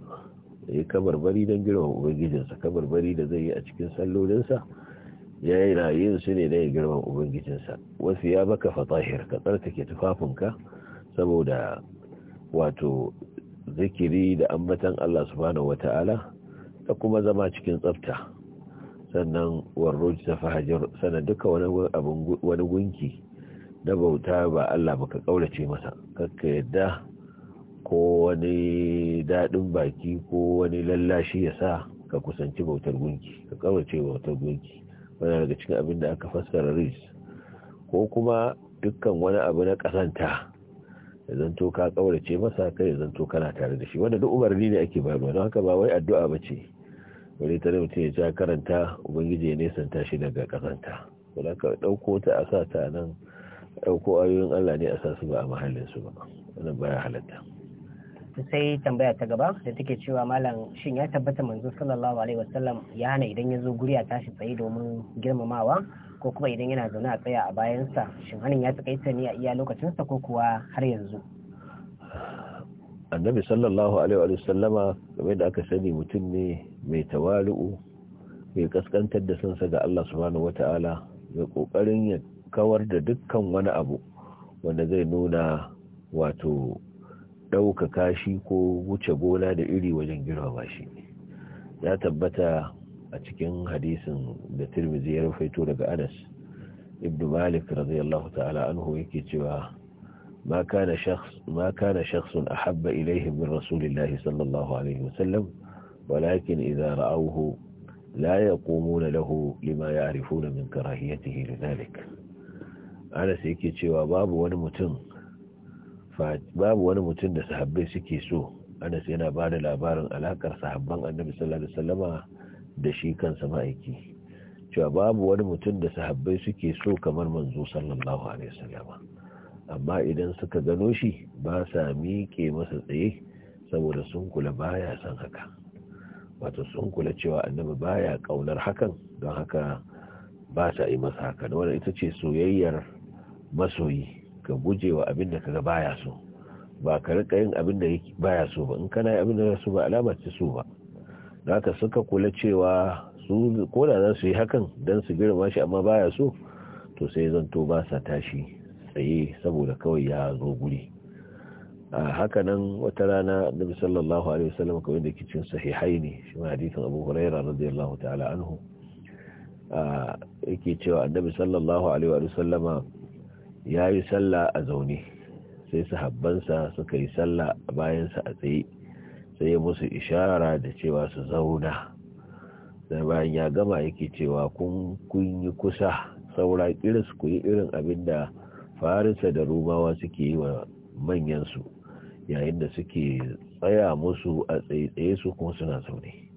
S2: yayi bari dan girmama ubangijinsa bari da zai yi a cikin sallolinsa yana yin su ne dan girmama ubangijinsa wasu ya baka fatahir ka tsarkake tufafinka saboda wato zikiri da ambatan Allah subhanahu wataala ka kuma zama cikin tsafta sannan warruj ta fahajar sannan duka wani gunki na bauta ba Allah ba ka kaurace masa kakka yadda ko wani daɗin baki ko wani lallashi ya sa ka kusanci bautar gunki ka kaurace bautar gunki wani daga cikin abin da aka fassara ris ko kuma dukkan wani abu na ƙasanta ya zanto ka ƙaurace masa kai ya zanto kana tare da shi wanda duk umarni ne ake bayarwa don haka ba wai addu'a ba ce bari ta mutum ya ja karanta ubangiji ya nesanta shi daga kazanta kuma ka dauko ta a sa ta nan dauko ayoyin Allah ne a sa su ba a mahallin su ba wannan baya halatta sai tambaya ta gaba
S1: da take cewa malam shin ya tabbata manzo sallallahu alaihi wasallam ya hana idan ya zo guri a tashi tsaye domin girmamawa ko kuma idan yana zaune a tsaya a bayansa shin hanin ya takaita ne a iya lokacinsa ko kuwa har yanzu
S2: annabi sallallahu alaihi wa sallama game da aka sani mutum ne mai tawalu'u mai kaskantar da sansa ga Allah subhanahu wata'ala mai kokarin ya kawar da dukkan wani abu wanda zai nuna wato dauka kashi ko wuce gona da iri wajen girmama shi ya tabbata a cikin hadisin da tirmizi ya rufaito daga anas ibn malik radiyallahu ta'ala anhu yake cewa ما كان شخص ما كان شخص أحب إليه من رسول الله صلى الله عليه وسلم walakin idza ra'awhu la yaqumuna lahu lima ya'rifuna min karahiyatihi lidhalik ana sai yake cewa babu wani mutum babu wani mutum da sahabbai suke so anas yana ba da labarin alakar sahaban annabi sallallahu alaihi da shi kansa ma'aiki cewa babu wani mutum da sahabbai suke so kamar manzo sallallahu alaihi wasallama amma idan suka gano shi ba sa miƙe masa tsaye saboda sunkula kula baya son haka wato sun kula cewa annabi baya kaunar hakan don haka ba sa yi masa haka da wadda ita ce soyayyar masoyi ka guje wa abin da kaga baya so ba ka rika yin abin da baya so ba in kana abin da so ba alama ci so ba da haka suka kula cewa su ko da za su yi hakan don su girma shi amma baya so to sai zanto ba sa tashi tsaye saboda kawai ya zo guri a hakanan wata rana annabi sallallahu alaihi wasallam kawai da kicin sahihai ne shi ma hadisin abu huraira radiyallahu ta'ala anhu yake cewa annabi sallallahu alaihi wasallam ya yi sallah a zaune sai sahabbansa suka yi sallah a bayansa a tsaye sai ya musu ishara da cewa su zauna da bayan ya gama yake cewa kun yi kusa saura su ku yi irin abin da farisa da rumawa suke yi wa manyansu yayin da suke tsaya musu a tsaye su kuma suna zaune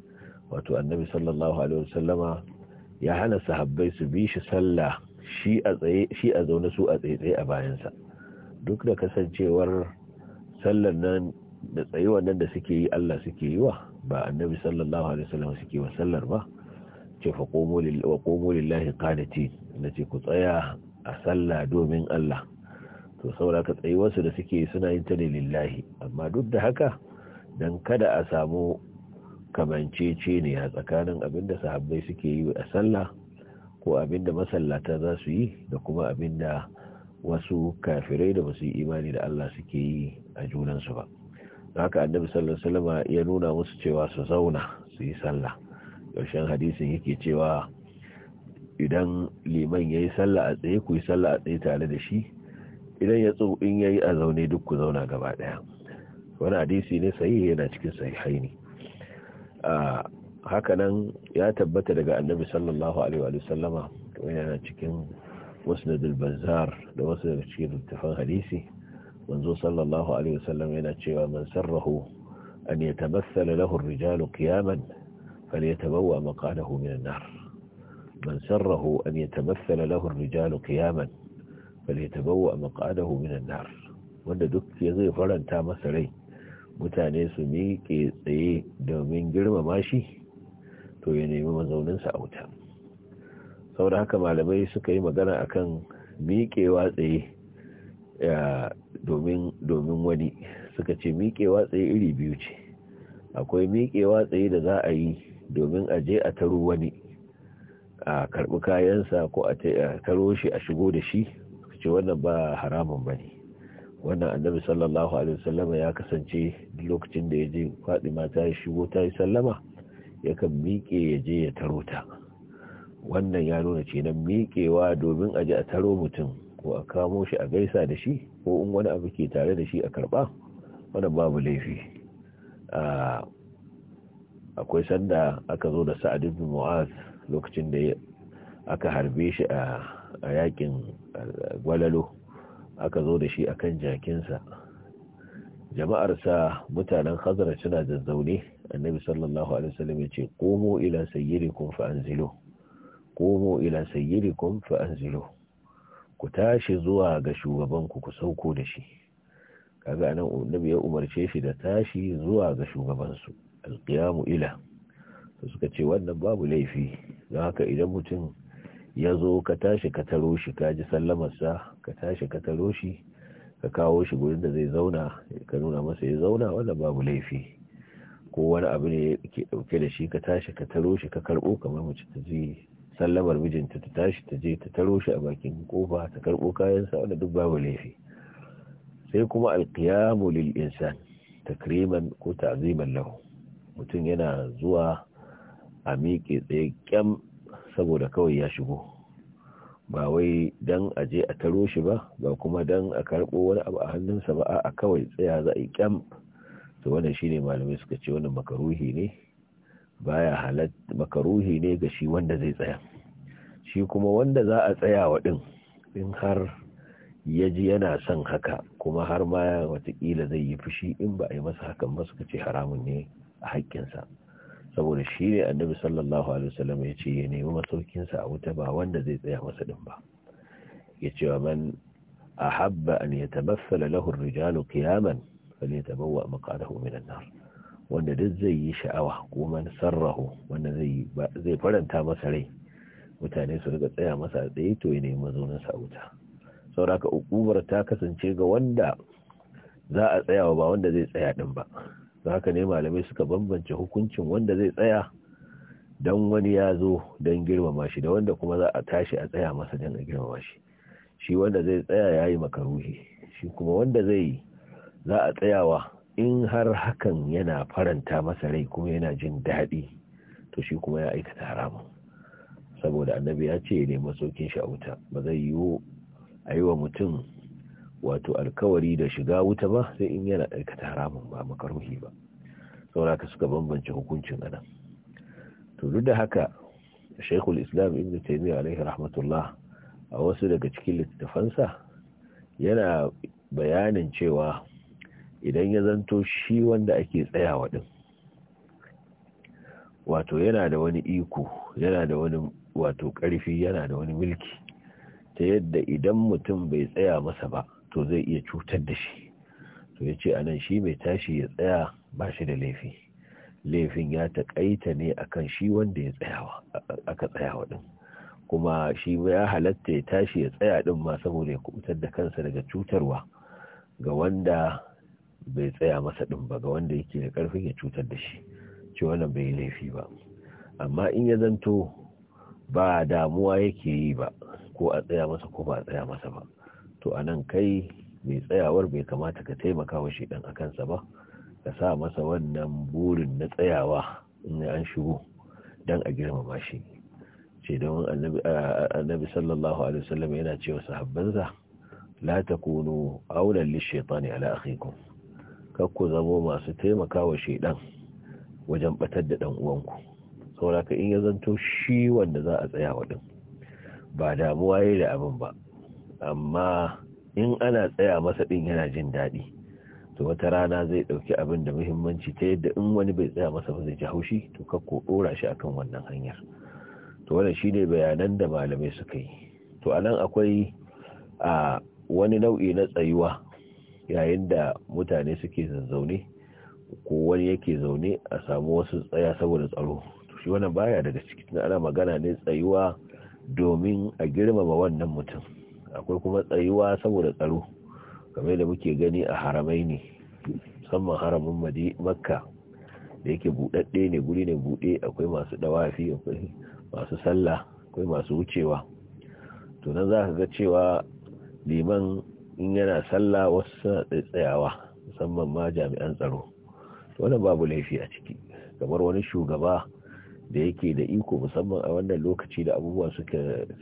S2: wato annabi sallallahu alaihi wasallama ya hana sahabbai su bi shi sallah shi a tsaye shi a zaune su a tsaye a bayansa duk da kasancewar sallar nan da tsayuwar nan da suke yi Allah suke yi wa ba annabi sallallahu alaihi wasallam suke wa sallar ba ce fa qumu lillahi qanitin nace ku tsaya a sallah domin Allah to sauraka tsayuwarsu da suke suna yin ta ne lillahi amma duk da haka don kada a samu kamancece ne a tsakanin abinda sahabbai suke yi a sallah ko abinda masallata za su yi da kuma abinda wasu kafirai da basu yi imani da Allah suke yi a junansu ba haka annabi sallallahu alaihi ya nuna musu cewa su zauna su yi sallah ƙarshen hadisin yake cewa idan liman ya yi sallah a tsaye ku yi sallah a tsaye tare da shi idan ya tso in yayi a zaune duk ku zauna gaba daya wani hadisi ne sahihi yana cikin sahihaini haka nan ya tabbata daga annabi sallallahu alaihi wa sallama yana cikin musnad al bazzar da wasu daga cikin littafan hadisi manzo sallallahu alaihi wa sallam yana cewa man sarrahu an yatamassala lahu ar rijal qiyaman maqalahu min an-nar man sarrahu an yatamassala lahu ar-rijal qiyaman falitabawa maqadahu minan nar wanda duk ya zai faranta masa rai mutane su miƙe tsaye domin girmama shi to ya nemi mazauninsa a wuta sau da haka malamai suka yi magana akan miƙewa tsaye domin wani suka ce miƙewa tsaye iri biyu ce akwai miƙewa tsaye da za a yi domin a je a taro wani a karɓi kayansa ko a taro shi a shigo da shi ce wannan ba haramun ba ne wannan annabi sallallahu alaihi wasallama ya kasance lokacin da ya je fadima ta yi shigo ta yi sallama yakan miƙe ya je ya taro ta wannan ya nuna ce nan miƙewa domin a ji a taro mutum ko a kamo shi a gaisa da shi ko in wani abu ke tare da shi a karɓa wannan babu laifi akwai sanda aka zo da sa'ad ibn mu'az lokacin da aka harbe shi a a yakin gwalalo aka zo da shi a kan jakinsa jama'ar sa mutanen hazara suna da zaune annabi sallallahu alaihi wasallam ya ce komo ila sayyidikum fa anzilu komo ila fa anzilu ku tashi zuwa ga shugabanku ku sauko da shi kaga anan annabi ya umarce shi da tashi zuwa ga shugabansu alqiyamu ila suka ce wannan babu laifi don haka idan mutum ya zo ka tashi ka taro shi ka ji sallamarsa ka tashi ka taro shi ka kawo shi gudun da zai zauna ka nuna masa ya zauna wannan babu laifi ko wani abu ne ke dauke da shi ka tashi ka taro shi ka karbo kamar mace ta ji sallamar mijinta ta tashi ta je ta taro shi a bakin kofa ta karbo kayansa wanda duk babu laifi sai kuma alqiyamu lil insan takriman ko ta'ziman lahu mutum yana zuwa a miƙe tsaye kyam saboda kawai ya shigo ba wai dan a je a taro shi ba ba kuma dan a karbo wani abu a hannunsa ba a kawai tsaya za a yi kyam to wannan shine malamai suka ce wannan makaruhi ne baya halat makaruhi ne ga shi wanda zai tsaya shi kuma wanda za a tsaya wa ɗin in har ya ji yana son haka kuma har ma watakila zai yi fushi in ba a yi masa hakan ba suka ce haramun ne a haƙƙinsa saboda shi ne annabi sallallahu alaihi wasallam ya ce ya nemi masaukinsa a wuta ba wanda zai tsaya masa din ba ya ce wa man a habba an ya lahu lahun rijalu Fali falyatabawwa a min an-nar wanda duk zai yi sha'awa ko man sarrahu wanda zai faranta masa rai mutane su riga tsaya masa a tsaye to ya nemi mazaunin sa a wuta saboda ka ukubar ta kasance ga wanda za a tsayawa ba wanda zai tsaya din ba da haka ne malamai suka bambance hukuncin wanda zai tsaya don wani ya zo don girmama shi da wanda kuma za a tashi a tsaya masa don a girmama shi shi wanda zai tsaya ya yi makaruhi shi kuma wanda zai za a tsayawa in har hakan yana faranta masa rai kuma yana jin daɗi to shi kuma ya aikata haramun saboda annabi ya ce ne saukin shi a wuta ba zai yiwu a yi wa mutum wato alkawari da shiga wuta ba sai in yana aikata haramun ba makaruhi ba ka suka bambance hukuncin anan to duk da haka shaikhul islam ibn taymiyyah alaihi rahmatullah a wasu daga cikin littafansa yana bayanin cewa idan ya zanto shi wanda ake tsayawa din wato yana da wani iko yana da wani wato karfi yana da wani mulki ta yadda idan mutum bai tsaya masa ba to zai iya cutar da shi to ya ce a shi mai tashi ya tsaya ba shi da laifi laifin ya taƙaita ne akan shi wanda ya tsayawa aka tsayawa din kuma shi ya halatta ya tashi ya tsaya din ma saboda ya kubutar da kansa daga cutarwa ga wanda bai tsaya masa din ba ga wanda yake da karfin ya cutar da shi ce wannan bai laifi ba amma in ya zanto ba damuwa yake yi ba ko a tsaya masa ko ba a tsaya masa ba to a nan kai mai tsayawar bai kamata ka taimaka wa shi dan a kansa ba ka sa masa wannan burin na tsayawa in an shigo dan a girmama shi ce don annabi sallallahu alaihi wasallam yana cewa sahabbansa la takunu aula lishaitani ala akhikum ku zamo masu taimaka taimakawa shaidan wajen batar da dan uwanku saboda in ya zanto shi wanda za a tsaya wa din ba damuwa yayi da abin ba amma in ana tsaya masa din yana jin daɗi to wata rana zai ɗauki abin da muhimmanci ta yadda in wani bai tsaya masa ba zai ji haushi to kakko ɗora shi akan wannan hanyar to wannan shine bayanan da malamai suka yi to anan akwai a wani nau'i na tsayuwa yayin da mutane suke zazzaune ko wani yake zaune a samu wasu tsaya saboda tsaro to shi wannan baya daga cikin ana magana ne tsayuwa domin a girmama wannan mutum akwai kuma tsayuwa saboda tsaro game da muke gani a haramai ne musamman haramin makka da yake buɗaɗɗe ne guri ne buɗe akwai masu dawafi akwai masu sallah akwai masu wucewa to nan za ka ga cewa liman in yana sallah wasu suna tsayawa musamman ma jami'an tsaro wannan babu laifi a ciki kamar wani shugaba da yake da iko musamman a wannan lokaci da abubuwa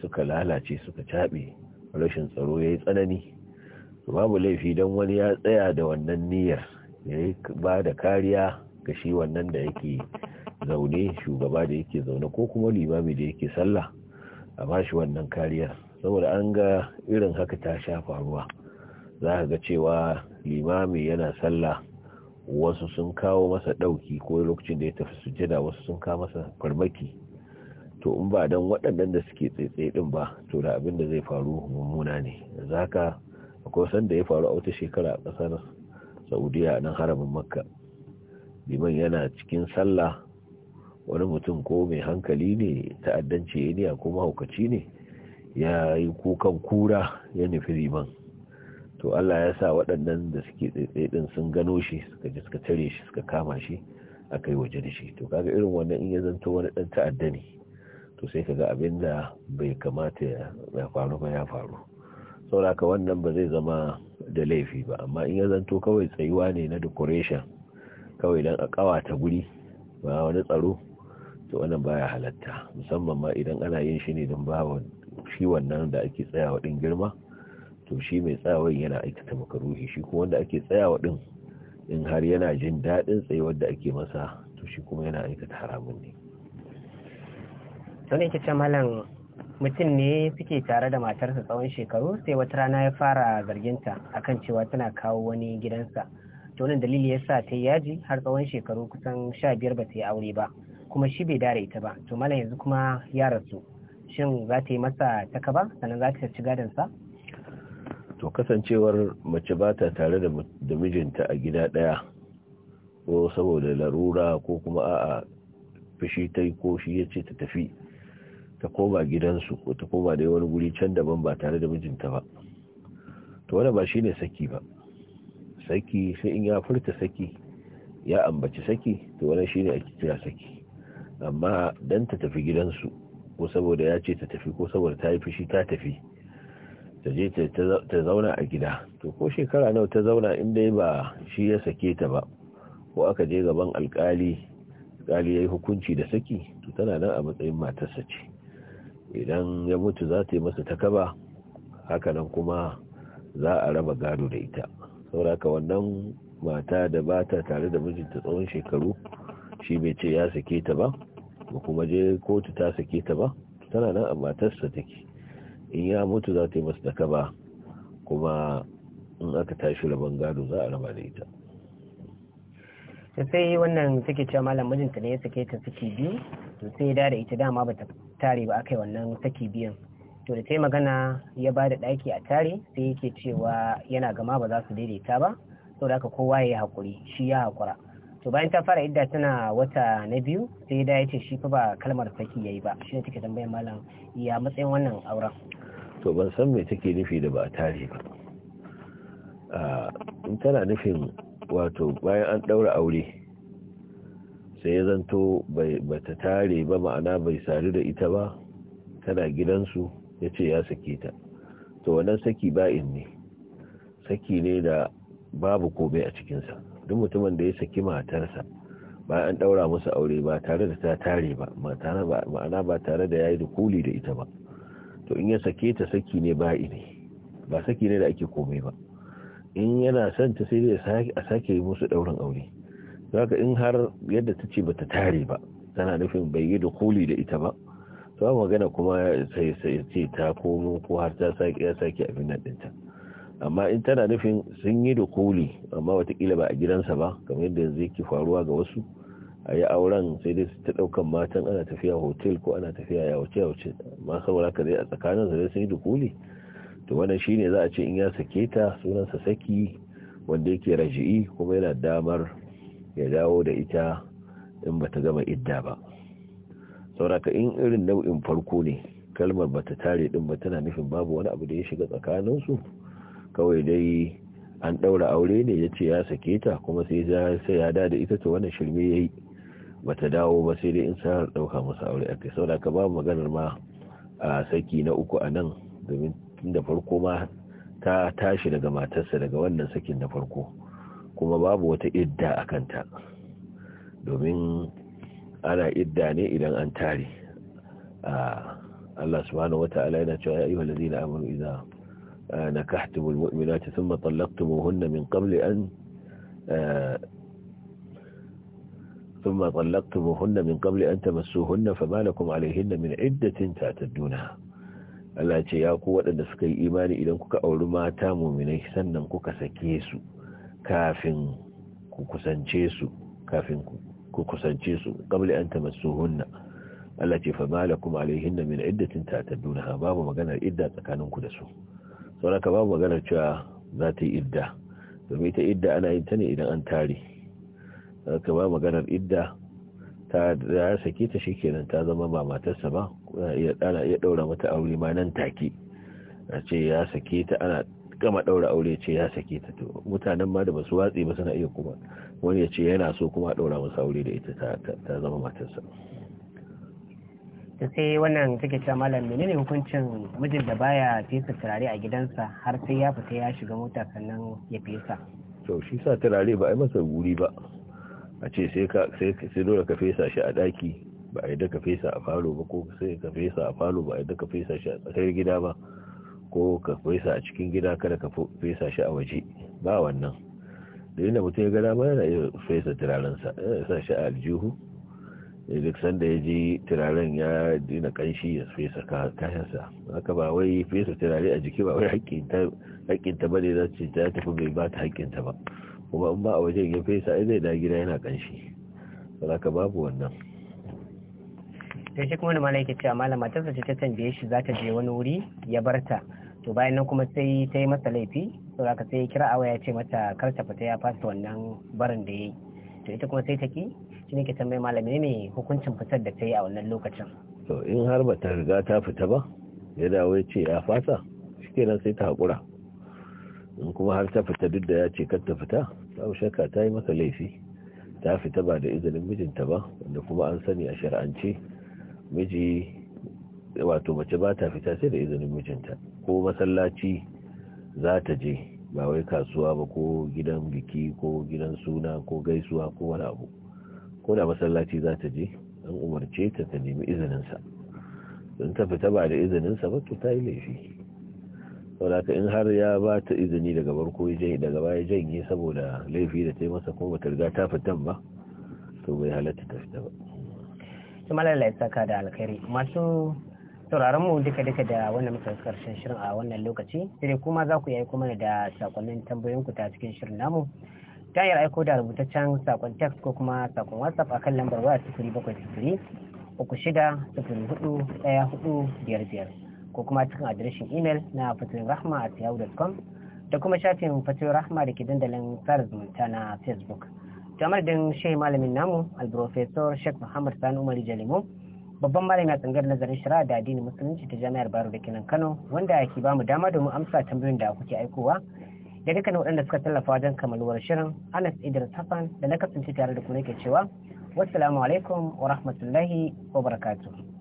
S2: suka lalace suka caɓe rashin tsaro ya yi tsanani babu laifi don wani ya tsaya da wannan niyyar ya ba da kariya ga shi wannan da yake zaune shugaba da yake zaune ko kuma limami da yake sallah a ba shi wannan kariyar saboda an ga irin haka ta sha faruwa za ka ga cewa limami yana sallah wasu sun kawo masa ɗauki ko lokacin da ya tafi sujada wasu sun kawo masa farmaki to in ba dan waɗannan da suke tsaye din ba to da abin da zai faru mummuna ne yanzu haka akwai sanda ya faru a wata shekara a ƙasar saudiya a nan haramin makka liman yana cikin sallah wani mutum ko mai hankali ne ta'addanci ya niya ko mahaukaci ne ya yi kukan kura ya nufi liman to Allah ya sa waɗannan da suke tsaye din sun gano shi suka ji suka tare shi suka kama shi aka yi waje da shi to kaga irin wannan in ya zanto wani dan ta'adda ne to sai ka ga abin da bai kamata ya faru ba ya faru sauraka wannan ba zai zama da laifi ba amma in ya zanto kawai tsayuwa ne na decoration kawai don a kawata guri ba wani tsaro to wannan baya halatta musamman ma idan ana yin shi ne don bawa shi wannan da ake tsayawa din girma to shi mai tsayawa yana aikata makaruhi shi kuma wanda ake tsayawa din in har yana jin daɗin tsayuwar da ake masa to shi kuma yana aikata haramun ne
S1: wani ke ce malam mutum ne suke tare da matarsa tsawon shekaru sai wata rana ya fara zarginta akan cewa tana kawo wani gidansa to wannan dalili ya sa ta yaji har tsawon shekaru kusan sha biyar ba ta yi aure ba kuma shi bai dare ita ba to malam yanzu kuma ya rasu shin za ta yi masa taka ba sannan za ta ci gadonsa
S2: to kasancewar mace ba ta tare da mijinta a gida daya ko saboda larura ko kuma a'a fushi ta yi ko shi ya ce ta tafi ta koma gidansu ko ta koma da wani guri can daban ba tare da mijinta ba to wani ba shi ne saki ba saki sai in ya furta saki ya ambaci saki to wani ne ake kira saki amma dan ta tafi gidansu ko saboda ya ce ta tafi ko saboda ta yi fushi ta tafi ta je ta zauna a gida to ko shekara nawa ta zauna in dai ba shi ya sake ta ba ko aka je gaban alkali alkali ya yi hukunci da saki to tana nan a matsayin matarsa ce idan ya mutu za ta yi masa takaba hakanan kuma za a raba gado da ita sauraka wannan mata da ba ta tare da mijinta tsawon shekaru shi bai ce ya sake ta ba ba kuma je kotu ta sake ta ba tana nan a matarsa take in ya mutu za ta yi masa takaba kuma in aka tashi rabon gado za a raba da ita sai wannan suke cewa
S1: malam mijinta ne ya sake ta suke biyu to sai ya da ita dama ba ta tare ba aka yi wannan saki biyan to da ta magana ya ba da ɗaki a tare sai yake cewa yana gama ba za su daidaita ba saboda haka kowa ya yi haƙuri shi ya haƙura to bayan ta fara idda tana wata na biyu sai da ya ce shi fa ba kalmar saki yayi yi ba shi ne take tambayar malam ya matsayin wannan auren
S2: to ban san me take nufi da ba tare ba ah, in tana nufin wato bayan an ɗaura aure sai ya zanto ba ta tare ba ma'ana bai sadu da ita ba tana gidansu ya ce ya sake ta to wannan saki ba'in ne saki ne da babu komai a cikinsa duk mutumin da ya saki matarsa bayan an daura masa aure ba tare da ta tare ba ma'ana ba tare da ya yi dukuli da ita ba to in ya sake ta saki ne ba'i ne ba saki ne da ake komai ba in yana son ta sai da a sake musu daurin aure zaka in har yadda ta ce ba ta tare ba tana nufin bai yi da koli da ita ba to magana kuma sai sai ce ta komo ko har ta sake ya sake abin nan dinta amma in tana nufin sun yi da kuli amma watakila ba a gidansa ba kamar yadda yanzu yake faruwa ga wasu a yi auren sai dai ta daukan matan ana tafiya hotel ko ana tafiya ya wuce wuce amma saboda ka dai a tsakanin da sun yi da koli to wannan shine za a ce in ya sake ta sunansa saki wanda yake raji'i kuma yana damar ya dawo da ita in bata gama idda ba sauraka in irin nau'in farko ne kalmar bata tare din ba tana nufin babu wani abu da ya shiga tsakaninsu kawai dai an daura aure ne ya ce ya sake ta kuma sai ya da ita ta wannan shirme ya yi bata dawo ba sai dai in sa dauka masa aure kai sauraka ba maganar ma a saki na uku a nan domin da farko ma ta tashi daga matarsa daga wannan sakin na farko kuma babu wata idda a kanta domin ana idda ne idan an tare a Allah subhanahu wa ta'ala yana cewa ya ayyuhal ladina amanu idza nakahtumul mu'minati thumma talaqtumuhunna min qabli an thumma طلقتموهن min qabli an tamassuhunna fama lakum alayhinna min iddatin ta'tadduna Allah ce ya ku waɗanda suka yi imani idan kuka auri mata muminai sannan kuka sake su kafin ku kusance su kafin ku kusance su qabli an tamassuhunna Allah ce fa malakum alaihin min iddatin ta'tadunaha babu maganar idda ku da su saboda babu maganar cewa za ta idda domin ita idda ana yin ta ne idan an tare ka ba maganar idda ta ya sake ta shikenan ta zama ba matarsa ba ana ya daura mata aure ma nan take a ce ya sake ta ana gama daura aure ce ya sake ta to mutanen ma da basu watsi ba suna iya kuma wani ya ce yana so kuma a daura masa aure da ita ta zama matarsa
S1: da sai wannan take cewa malam menene hukuncin mijin da baya fesa turare a gidansa har sai ya fita ya shiga mota sannan ya fesa
S2: to shi sa turare ba a yi masa guri ba a ce sai ka sai dole ka fesa shi a daki ba a da ka fesa a falo ba ko sai ka fesa a falo ba a da ka fesa shi a tsakar gida ba ko ka fesa a cikin gida kada ka fesa shi a waje ba wannan da inda mutum ya gada ma yana iya fesa turarensa ya sa shi a aljihu eh, duk sanda ya ji turaren ya dina kanshi ya fesa kayansa haka ba wai fesa turare a jiki ba wai haƙƙinta ba ne za ce ta tafi bai ba ta haƙƙinta ba kuma in ba a wajen ya fesa zai da gida yana kanshi ka babu wannan
S1: da shi kuma da malai ke malama ta ce ta tambaye shi za ta je wani wuri ya barta to bayan nan kuma sai ta yi masa laifi to ka sai kira awa ya ce mata kar ta fita ya fasa wannan barin da ya yi to ita kuma sai ta ki shi ne ke tambayi malami ne hukuncin fitar da ta yi a wannan lokacin
S2: to in har ba ta riga ta fita ba ya dawo ya ce ya fasa shikenan sai ta haƙura in kuma har ta fita duk da ya ce kar ta fita ta shakka ta yi masa laifi ta fita ba da izinin mijinta ba wanda kuma an sani a shari'ance miji wato mace ba ta fita sai da izinin mijinta ko masallaci za ta je ba wai kasuwa ba ko gidan biki ko gidan suna ko gaisuwa ko wani abu ko da masallaci za ta je an umarce ta ta nemi izininsa don ta fita ba da izininsa ba to ta yi laifi saboda in har ya ba ta izini daga barko daga baya janye saboda laifi da ta yi masa ko bata riga ta fitan ba to bai halatta ta fita ba.
S1: Tumalar laifaka da alkhairi masu sauraron mu duka duka da wannan muka karshen shirin a wannan lokaci sai kuma za ku yi kuma da sakonnin tambayoyin ku ta cikin shirin namu ta hanyar aiko da rubutaccen sakon text ko kuma sakon whatsapp a kan lambar waya sifiri bakwai sifiri uku shida sifiri hudu ɗaya hudu biyar biyar ko kuma cikin adireshin imel na fatirin rahma at yahoo.com da kuma shafin fatirin rahma da ke dandalin sada zumunta na facebook jamar din shehi malamin namu alprofesor sheikh muhammad sani umar jalimu babban malami a tsangar nazarin shari'a da addinin musulunci ta jami'ar Bayero da kenan Kano wanda ke ba mu dama domin amsa tambayoyin da kuke aikowa da dukkanin waɗanda suka tallafa wajen kamaluwar shirin Anas Idris Hassan da na kasance tare da ku nake cewa wassalamu alaikum wa rahmatullahi wa barakatuh